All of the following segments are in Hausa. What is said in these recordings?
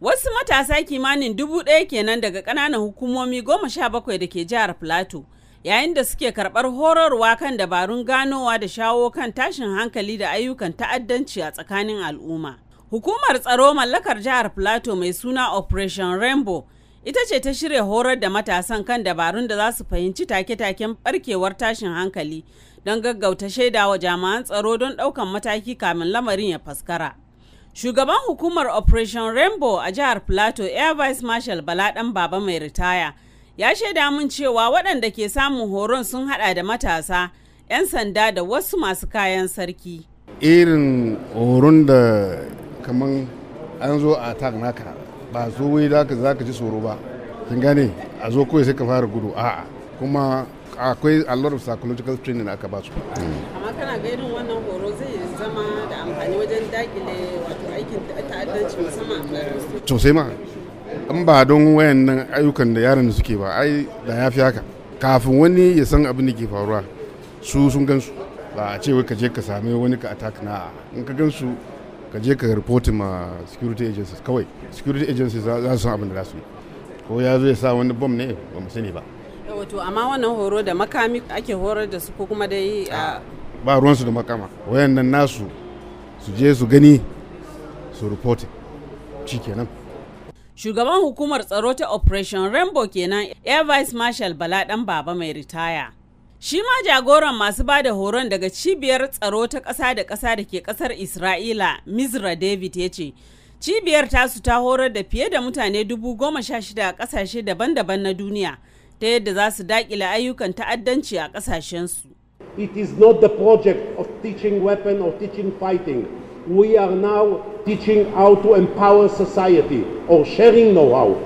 Wasu matasa kimanin dubu ɗaya kenan daga ƙananan hukumomi goma sha bakwai da ke jihar Filato yayin da suke karɓar horarwa kan dabarun ganowa da shawo kan tashin hankali da ayyukan ta'addanci a tsakanin al'umma. Hukumar tsaro mallakar jihar Filato mai suna Operation Rainbow ita ce ta shirya horar da matasan kan dabarun da za su fahimci take-taken barkewar tashin hankali don gaggauta shaida wa jami'an tsaro don ɗaukan mataki kamin lamarin ya faskara. Shugaban hukumar Operation Rainbow a jihar Plateau Air Vice Marshal Bala ɗan Baba mai ritaya ya shaida mun cewa waɗanda ke samun horon sun haɗa da matasa, 'yan sanda da wasu masu kayan sarki. Irin horon da kaman an zo a tag naka ba zo wai za ka ji tsoro ba kin gane a zo kawai sai ka fara gudu a'a kuma akwai a lot of psychological training aka ba su amma kana ga irin wannan horo zai zama da amfani wajen dakile wato aikin ta'addanci musamman to sai ma an ba don wayan nan ayyukan da yaran da suke ba ai da ya fi haka kafin wani ya san abin da ke faruwa su sun gansu ba a ce wai ka je ka same wani ka attack na in ka gansu ka je ka reporting ma security agencies kawai security agencies za su san abin da za su ko ya zo ya sa wani bom ne ba mu sani ba wato amma wannan horo da makami ake horar da su ko kuma dai ba ruwansu da makama wayannan nasu su je su gani su reporting shikenan shugaban hukumar tsaro ta operation rainbow kenan air vice marshal bala dan baba mai ritaya Shi ma jagoran masu ba da horon daga cibiyar tsaro ta ƙasa da ƙasa da ke ƙasar Isra'ila, Mizra David ya ce, cibiyar tasu ta horar da fiye da mutane dubu goma sha shida a ƙasashe daban-daban na duniya ta yadda za su daƙila ayyukan ta'addanci a ƙasashensu. It is not the project of teaching weapon or teaching fighting. We are now teaching how to empower society or sharing know-how.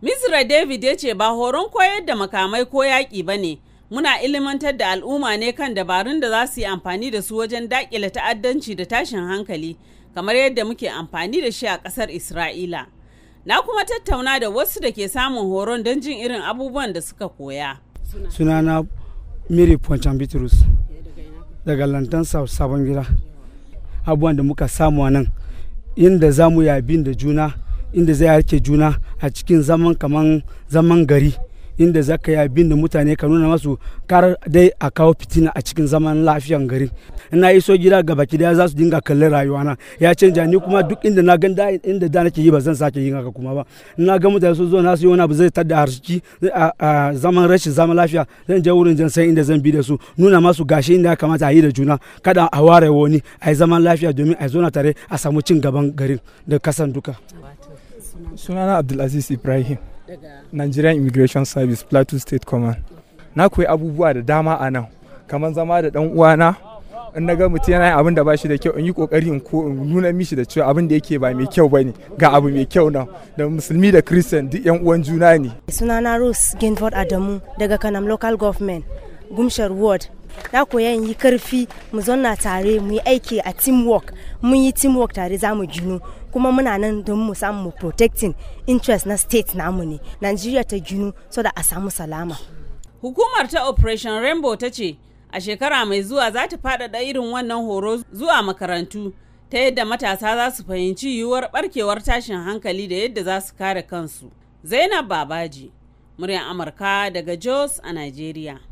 Mizra David ya ce ba horon koyar da makamai ko yaƙi ba ne, muna ilimantar da al'umma ne kan dabarun da za su yi amfani da su wajen dakile ta'addanci da tashin hankali kamar yadda muke amfani da shi a ƙasar isra'ila na kuma tattauna da wasu da ke samun horon don jin irin abubuwan da suka koya sunana miri ponchan bitrus daga lantan sabon gida abubuwan da muka samu a nan inda za mu yabi da juna inda zai harke juna a cikin zaman kaman zaman gari inda za ka yi abin da mutane ka nuna masu kar dai a kawo fitina a cikin zaman lafiyan gari ina iso gida ga baki daya za su dinga kallon rayuwa na ya canja ni kuma duk inda na ganda inda da nake yi ba zan sake yin haka kuma ba ina ga mutane su zo na su yi wani abu zai tada a zaman rashin zaman lafiya zan je wurin jan san inda zan bi da su nuna masu gashi inda ya kamata a yi da juna kada a ware wani a yi zaman lafiya domin a zo na tare a samu cin gaban garin da kasan duka sunana abdulaziz ibrahim daga Nigerian Immigration Service Plateau State Command na koyi abubuwa da dama a nan kamar zama da dan uwana in na ga mutum yana yin abin da ba shi da kyau in yi kokari in ko in nuna mishi da cewa abin da yake ba mai kyau bane ga abu mai kyau nan da musulmi da christian duk yan uwan juna ne sunana rose gainford adamu daga kanam local government gumshar ward na koya in yi karfi mu zauna tare mu yi aiki a teamwork mun yi teamwork tare za mu ginu kuma muna nan don mu samu mu protecting interest na state namu ne Najeriya ta ginu so da a samu salama hukumar ta operation rainbow ta ce a shekara mai zuwa za ta faɗaɗa irin wannan horo zuwa makarantu ta yadda matasa za su fahimci yiwuwar barkewar tashin hankali da yadda za su kare kansu zainab babaji murya amurka daga jos a nigeria